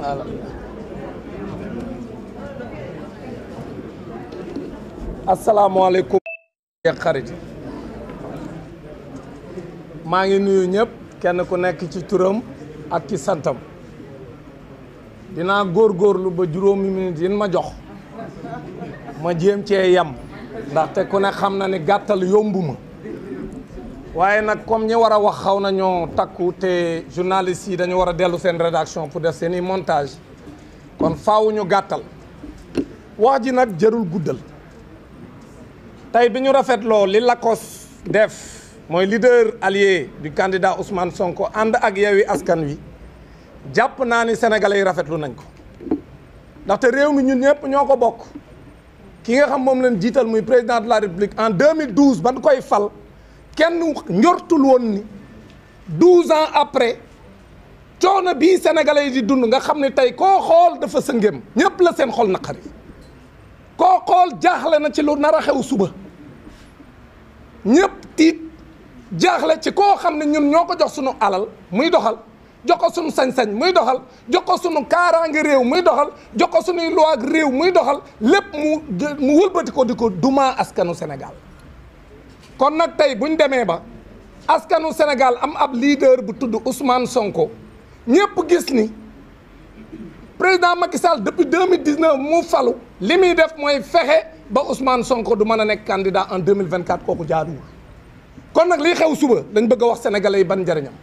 voilà asalaamaaleykum xarit maa ngi nuyu ñëpp kenn ku nekk ci turam ak ci santam dinaa góorgóorlu ba juróomi minutes yin ma jox ma jéem cee yem ndaxte ku ne xam na ni gàttal yombu ma waaye nag comme ñi war a wax xaw nañoo takku te journalistes yi dañu war a dellu seen rédaction pour def seen i montage kon faaw ñu gàttal wax ji nag jërul guddal tey bi ñu rafetloo li lakkos def mooy lider allier bi candidat Ousmane Sonko ànd ak Yewwi Askan Wi jàpp naa ni sénégalais yi rafetlu nañ ko ndaxte réew mi ñun ñëpp ñoo ko bokk ki nga xam moom leen jiital muy président de la république en 2012 ban koy fal. kenn njortul woon ni douze ans après coono bii sénégalais yi di dund nga xam ne tey koo xool dafa sëngéem ñépp la seen xol naqari koo xool jaaxle na ci lu nar a xew suba ñépp tiit jaaxle ci koo xam ne ñun ñoo ko jox suñu alal muy doxal jox ko sunu sañ-sañ muy doxal jox ko sunu kaaraange réew muy doxal jox ko sunuy réew muy doxal lépp mu mu wëlbati ko di ko dumaa askanu Sénégal kon nag tey bu ñu demee ba askanu senegal am ab leader bu tudd Ousmane Sonko ñëpp gis ni président Macky Sall depuis deux mille dix neuf mu falu li muy def mooy fexe ba Ousmane Sonko du mën a nekk candidat en deux mille vingt quatre kooku jaaduwul kon nag lii xew suba dañ bëgg a wax sénégalais yi ban njariñam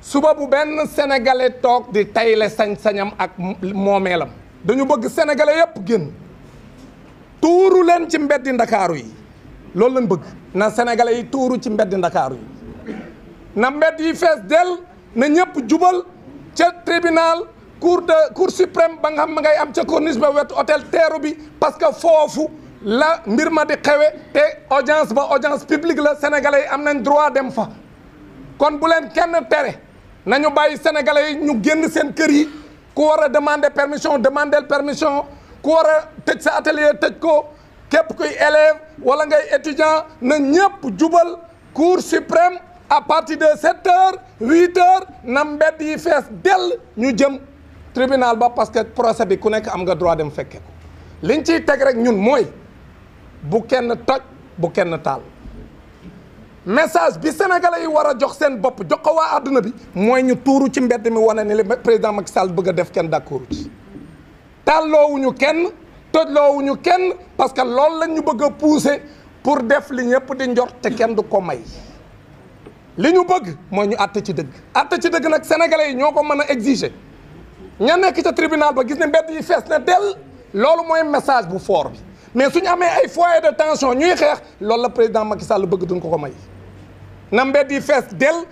suba bu benn sénégalais toog di tayle sañ-sañam ak moo moomeelam dañu bëgg sénégalais yëpp génn tuuru leen ci mbeddi ndakaaru yi. loolu lañ bëgg na sénégalais yi tuuru ci mbedd ndakaaru yi na mbedd yi fees dell na ñëpp jubal ca tribunal cour de cour suprême ba nga xam ngay am ca corniche ba wetu hôtel teeru bi parce que foofu la mbir ma di xewe te audience ba audience publique la sénégalais yi am nañ droit dem fa kon bu leen kenn tere na nañu bàyyi sénégalais yi ñu génn seen kër yi ku war a demander permission demander permission ku war a tëj sa atelier tëj ko képp kuy élève wala ngay étudiant na ñëpp jubal cour suprême à parti de sept heures huit heures na mbedd yi fees dell ñu jëm tribunal ba parce que procès bi ku nekk am nga droit dem fekke ko liñ ciy teg rek ñun mooy bu kenn toj bu kenn taal message bi sénégalais yi war a jox seen bopp jox ko waa àdduna bi mooy ñu tuuru ci mbedd mi wane ni le président Macky Sall bëgg a def kenn d'accord ci tàlloowuñu kenn tojloowuñu kenn parce que loolu la ñu bëgg a pousser pour def li ñëpp di njort te kenn du ko may li ñu bëgg mooy ñu àtte ci dëgg àtte ci dëgg nag sénégalais yi ñoo ko mën a exiger ña nekk ca tribunal ba gis ne mbedd yi fees na dell loolu mooy message bu foor bi mais suñu amee ay foyer de tension ñuy xeex lool la président Macky Sall bëgg duñ ko ko may na mbedd yi fees del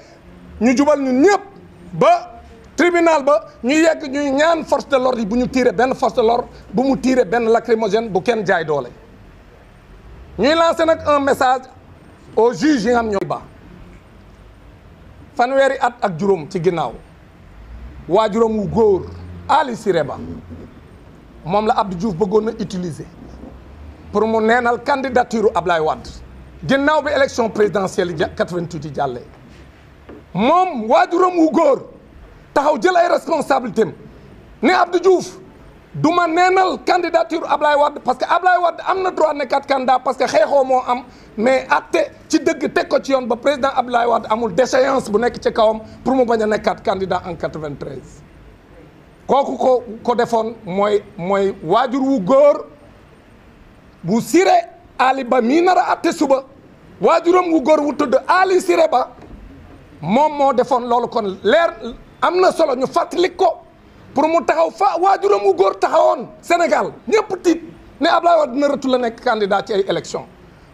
ñu jubal ñu ñëpp ba tribunal ba ñu yegg ñuy ñaan force de l'ordre bu ñu tiire benn force de l'ordre bu mu tiire benn lacrymogène bu kenn jaay doole ñuy lancé nag un message au juge yi nga xam ba fanweeri at ak juróom ci ginnaaw waa juróom wu góor Ali Siré Ba moom la Abdou Diouf bëggoon na utiliser pour mu neenal candidature Ablaye wat ginnaaw bi élection présidentielle yi 88 yi jàllee moom waajuram wu góor taxaw jël ay responsabilité am ne Abdou du ma neenal candidature Ablaye Wade parce que Ablaye Wade am na droit nekkaat candidat parce que xeexoo moo am mais atte ci dëgg teg ko ci yoon ba président Ablaye Wade amul déchéance bu nekk ci kawam pour mu bañ a nekkaat candidat en 93. kooku ko ko defoon mooy mooy waajur wu góor bu Siré Ali Ba mii nar a atte suba waajuram wu góor wu tudd Ali Siré Ba moom moo defoon loolu kon leer. am na solo ñu fàttali ko pour mu taxaw fa waajuram wu góor taxawoon Sénégal ñëpp tiit ne Abdoulaye Wade dina rëtu la nekk candidat ci ay élection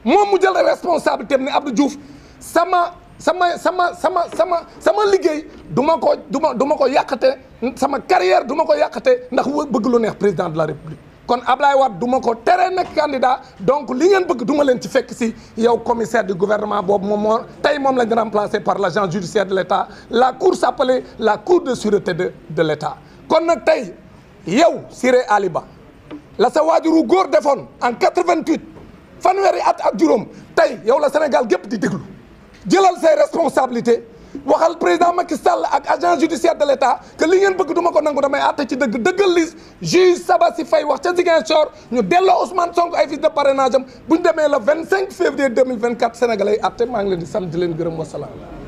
moom mu jël responsabilité am ne Abdou Diouf sama sama sama sama sama sama liggéey du ma ko du ma du ma ko yàqate sama carrière du ma ko yàqate ndax bëgg lu neex président de la république kon Ablaye Wade duma ko tere nekk candidat donc li ngeen bëgg du ma leen ci fekk si yow commissaire du gouvernement boobu moom moo tey moom lañ remplacé par l' agent judiciaire de l' état la cour s' la cour de sûreté de de l' état kon nag tey yow Siré Ali la sa waajuru góor defoon en 88 fanweeri at ak juróom tey yow la Sénégal gépp di déglu jëlal say responsabilité waxal président Macky Sall ak agent judiciaire de l' état que li ngeen bëgg du ma ko nangu damay dëgg dëggal li juge Sabassi Faye wax ca Ziguinchor ñu delloo Ousmane Sonko ay fiches de parrainage am bu ñu demee le 25 février 2024 Sénégalais yi àtte maa ngi leen di leen gërëm wasalaam.